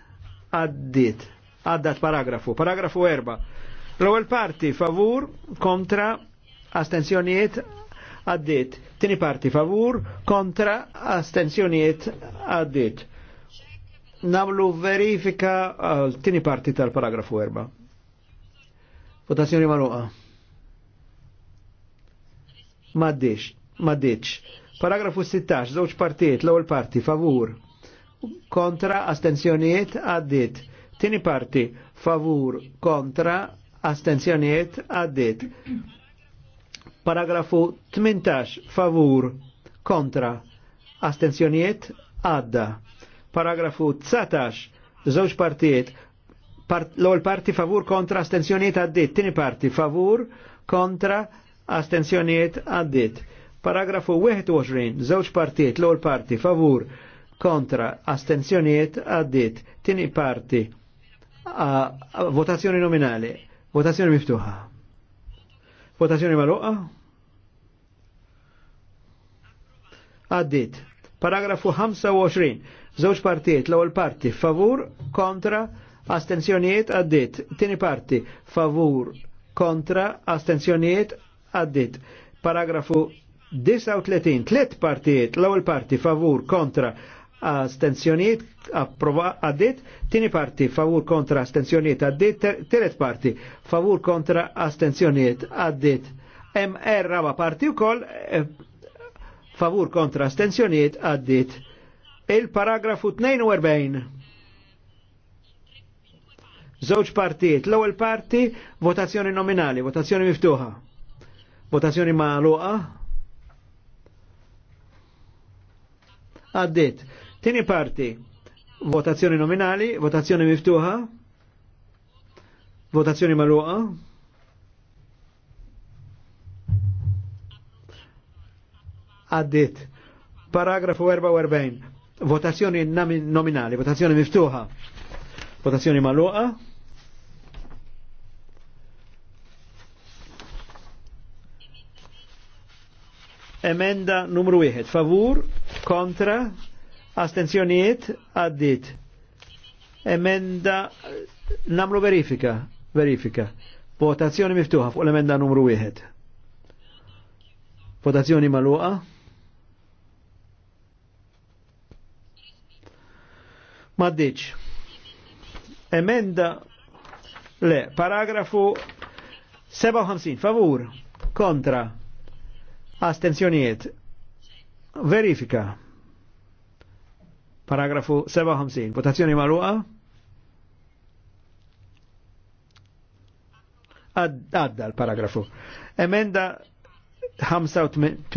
Speaker 3: għaddit. Għaddat paragrafu. Paragrafu 4. L-ewwel parti favur kontra astenzjonijiet għaddit. Tini parti favur, kontra, astenzjoniet għaddit. Namlu verifika għal tini parti tal-paragrafu erba. Votazzjoni maluqa. Maddix, maddix. Paragrafu 16, żewġ partijiet, l-ewwel parti favur. Kontra, astenzjoniet għaddit. Tini parti favur, kontra, astenzjoniet għaddit. Paragrafu 18 favur kontra astenzjoniet għadda. Paragrafu 19 żewġ partijiet part, l-ewwel parti favur kontra astenzjoniet għaddit, tieni parti favur kontra astenzjoniet għaddit. Paragrafu 21 żewġ partijiet l-ewwel parti favur kontra astenzjoniet għaddit, tieni parti a, a, votazzjoni nominali, votazzjoni miftuħa. Votazzjoni maluqa? Għaddit. Paragrafu 25. Żewġ partijiet, l-ewwel parti favur, kontra, astenzjonijiet għaddit. Tieni parti favur, kontra, astenzjonijiet għaddit. Paragrafu 39. Tliet partijiet, l-ewwel parti favur, kontra, astenzjoniet għaddit, tini parti favur kontra astenzjoniet għaddit, teret parti favur kontra astenzjoniet għaddit, MR er raba parti u koll eh, favur kontra astenzjoniet għaddit. Il-paragrafu 42. Zoċ partijiet, l-ewwel parti votazzjoni nominali, votazzjoni miftuħa. Votazzjoni ma' luqa. Għaddit Tini parti, votazzjoni nominali, votazzjoni miftuħa, votazzjoni maluqa. Għaddit. Paragrafu 44. Votazzjoni nominali, votazzjoni miftuħa, votazzjoni maluqa. Emenda numru 1. Favur, kontra, astenzjonijiet għaddit. Emenda namlu verifika, verifika. Votazzjoni miftuħa fuq l-emenda numru 1. Votazzjoni maluqa. Maddiċ. Emenda le, paragrafu 57, favur, kontra, astenzjonijiet, verifika. Paragrafu 57. Votazzjoni marruqa? Għadda l-paragrafu. Emenda 58,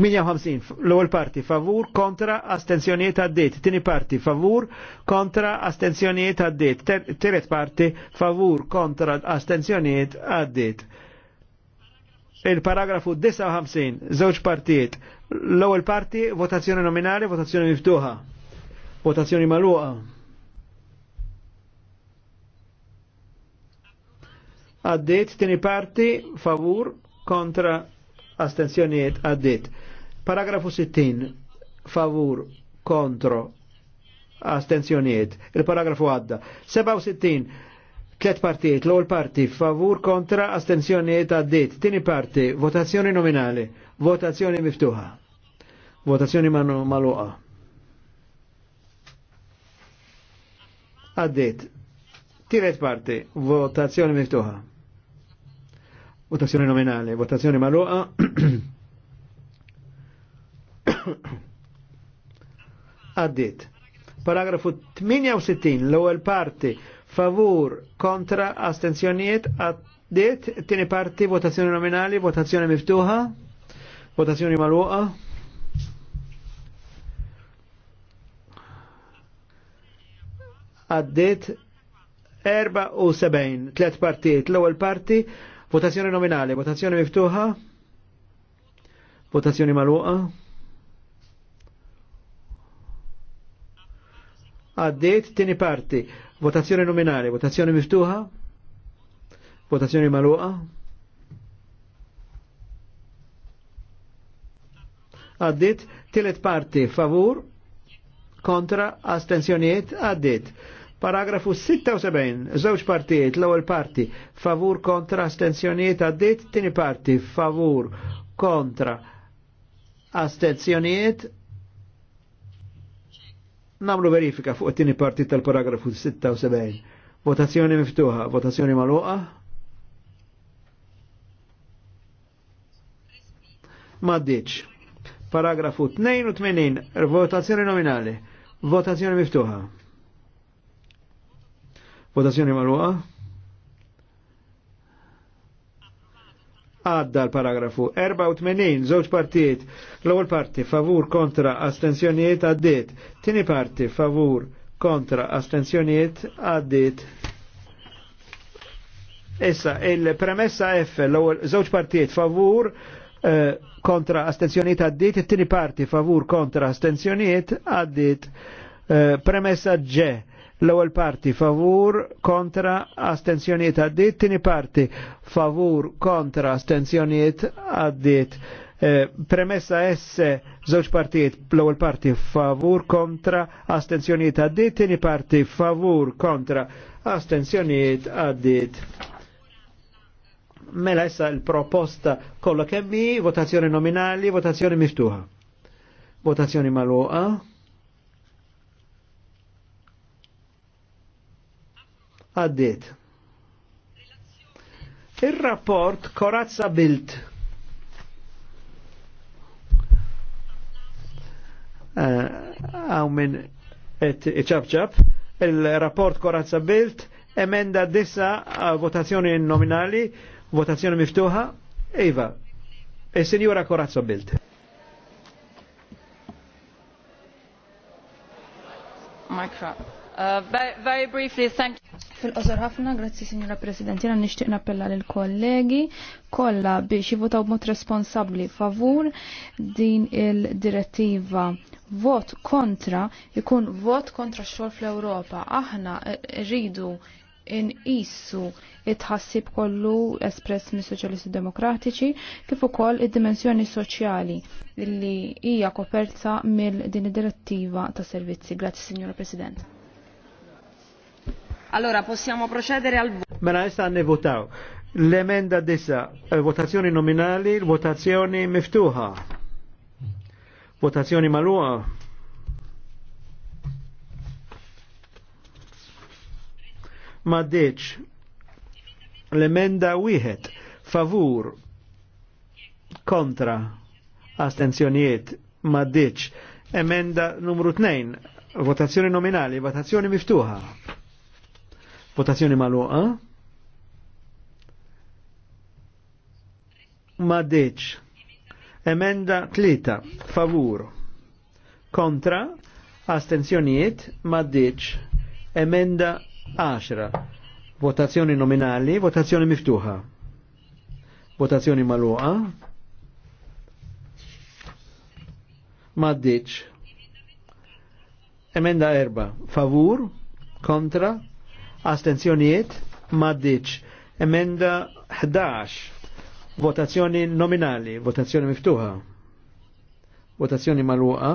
Speaker 3: l-ewwel parti favur kontra astenzjonijiet għaddit, tini parti favur kontra astenzjonijiet għaddit, tiret parti favur kontra astenzjonijiet għaddit. Il-paragrafu 59, żewġ partijiet, l-ewwel parti votazzjoni nominali, votazzjoni miftuħa. Votazzjoni maluqa. Għaddit, tini parti, favur, kontra, astenzjoniet, għaddit. Paragrafu 60, favur, kontro, astenzjoniet. Il-paragrafu għadda. 67, tlet partijiet, l għol parti favur kontra astenzjoniet, għaddit, tieni parti votazzjoni nominali, votazzjoni miftuħa. Votazzjoni maluqa. Għaddit. Tiret parti, votazzjoni miftuħa. Votazzjoni nominali, votazzjoni maluqa. Għaddit. Paragrafu 68, l-ewwel parti, favur, kontra, astenzjoniet, għaddit, tieni parti, votazzjoni nominali, votazzjoni miftuħa, votazzjoni maluqa. għaddit 74, tlet partijiet. L-ewwel parti, votazzjoni nominali, votazzjoni miftuħa, votazzjoni magħluqa. Għaddit tieni parti, votazzjoni nominali, votazzjoni miftuħa, votazzjoni magħluqa. Għaddit tielet parti favur, kontra, astensjonijiet, għaddit. Paragrafu 76, żewġ partijiet, l-ewwel parti favur kontra astenzjonijiet għaddiet, tieni parti favur kontra astenzjonijiet namlu verifika fuq it-tieni parti tal-paragrafu 76. Votazzjoni miftuħa, votazzjoni magħluqa. Maddiċ. Paragrafu 82, votazzjoni nominali, votazzjoni miftuħa. Votazzjoni marruqa. Għadda l-paragrafu 84, żewġ partijiet. L-ewwel parti favur kontra astensjonijiet għaddit. Tieni parti favur kontra astensjonijiet għaddit. Issa, il-premessa F, l-ewwel żewġ partijiet favur eh, kontra astenzjoniet għaddit, Tini tieni parti favur kontra astenzjoniet għaddit eh, premessa G L-ewwel parti favur kontra astenzjonijiet għaddiet, tieni parti favur kontra astenzjonijiet għaddiet. Eh, premessa S żewġ partijiet l-ewwel parti favur kontra astenzjonijiet għaddit, tieni parti favur kontra astenzjonijiet għaddit. Mela essa l-proposta kollha kemm votazzjoni nominali, votazzjoni miftuħa. Votazzjoni magħluqa. Għaddit. Il-rapport Korazza Bilt. Eh, għaw uh, minn iċabċab. il-rapport Korazza Bilt, emenda dissa eh, votazzjoni nominali, votazzjoni miftuħa, Iva, il-Sinjura Korazza Bilt.
Speaker 2: Uh, very, very briefly, thank you. Fil-qosor
Speaker 4: ħafna, grazzi Signora President, jena nishtiq nappella l-kollegi kolla biex jivotaw b'mod responsabli favur din il-direttiva. Vot kontra jikun vot kontra xol fl-Europa. Aħna rridu in issu itħassib kollu espress mis soċjalisti demokratiċi kif ukoll id-dimensjoni soċjali li hija koperta mill din id-direttiva ta' servizzi. Grazzi, Signora President.
Speaker 3: Allora possiamo procedere al voto. Ma mela, issa votaw. L-emenda dissa, eh, votazioni nominali, votazzjoni miftuħa. Votazzjoni malua. Ma deċ. l'emenda emenda wieħed. Favur. Contra. Astenzjonijiet. Ma deċ. Emenda numru 2. Votazzjoni nominali, votazzjoni miftuħa. Votazzjoni maluqa. Ma deċ. Emenda tlita. Favur. Kontra. astenzjoniet, Ma deċ. Emenda ashra. Votazzjoni nominali. Votazzjoni miftuħa. Votazzjoni maluqa. Ma deċ. Emenda erba. Favur. Kontra astenzjonijiet maddiċ. Emenda 11 votazzjoni nominali, votazzjoni miftuħa. Votazzjoni maluqa.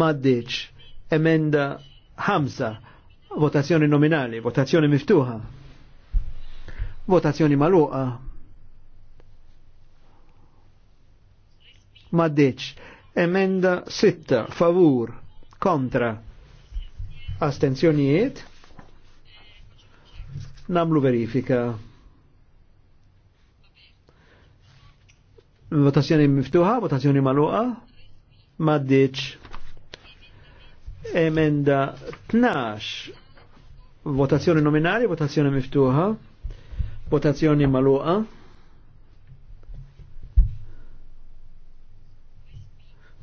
Speaker 3: Maddiċ. Emenda 5 votazzjoni nominali, votazzjoni miftuħa. Votazzjoni maluqa. Maddiċ. Emenda 6 favur kontra astenzjonijiet namlu verifika votazzjoni miftuħa, votazzjoni maluqa maddiċ emenda 12 votazzjoni nominali, votazzjoni miftuħa votazzjoni maluqa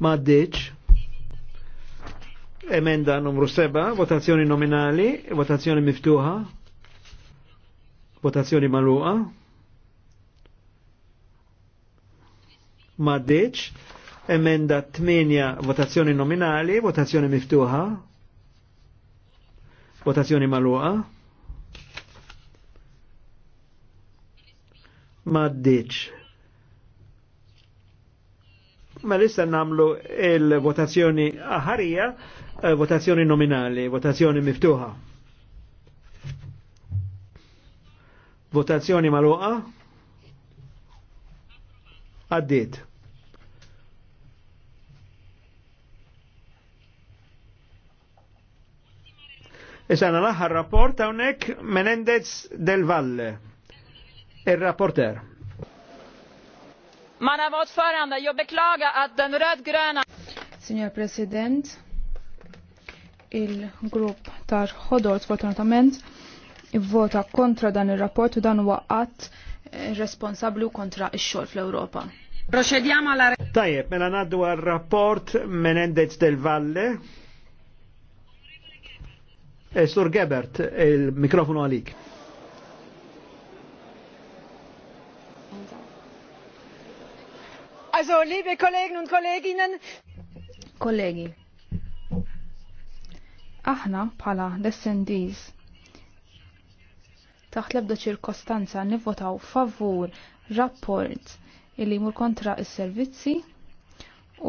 Speaker 3: maddiċ emenda numru 7, votazzjoni nominali, votazzjoni miftuħa, votazzjoni maluqa. Maddeċ, emenda 8, votazzjoni nominali, votazzjoni miftuħa, votazzjoni maluqa. Maddeċ. Ma lista namlu il-votazzjoni aħarija, eh, votazzjoni nominali, votazzjoni miftuħa. Votazzjoni maluqa? Għaddit. Isana l-aħħar rapport hawnhekk Menendez del Valle, il-rapporter
Speaker 2: jag beklagar att den rödgröna...
Speaker 3: Signor President,
Speaker 4: il-grupp tar ħodor sfortunatament vota kontra dan il-rapport u dan qatt eh, responsablu kontra ix-xogħol fl-Ewropa.
Speaker 3: Proċediamo alla Tajjeb, mela ngħaddu għar-rapport Menendez del Valle. Eh, Sur Gebert, il-mikrofonu għalik.
Speaker 1: Also,
Speaker 4: liebe Kollegen und Kolleginnen, kollegi, aħna bħala l-SNDs taħt l-ebda ċirkostanza nivvotaw favur rapport illi jmur kontra is-servizzi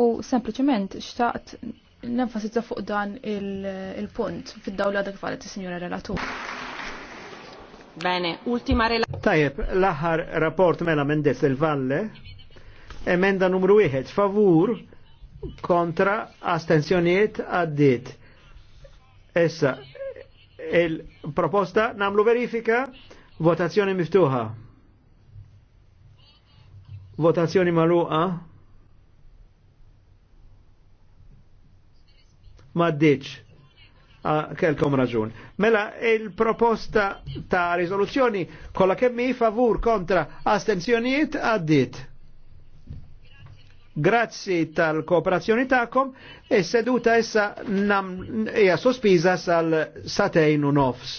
Speaker 4: u sempliċement xtaqt nenfasizza fuq dan il-punt fid-dawla dak falet is-Sinjura Relatur. Bene,
Speaker 3: ultima relazione. Tajjeb, l-aħħar rapport mela Mendes il-Valle Emenda numru 1, favur, kontra, astenzjoniet, għaddit. Essa, il-proposta namlu verifika, votazzjoni miftuħa. Votazzjoni maluqa. Maddiċ. Ah, kelkom raġun. Mela, il-proposta ta' rizoluzzjoni kolla kemmi favur kontra astenzjoniet għaddit. Grazzi tal-kooperazzjoni tagħkom e seduta e nam hija sospiża sal satejnu nofs.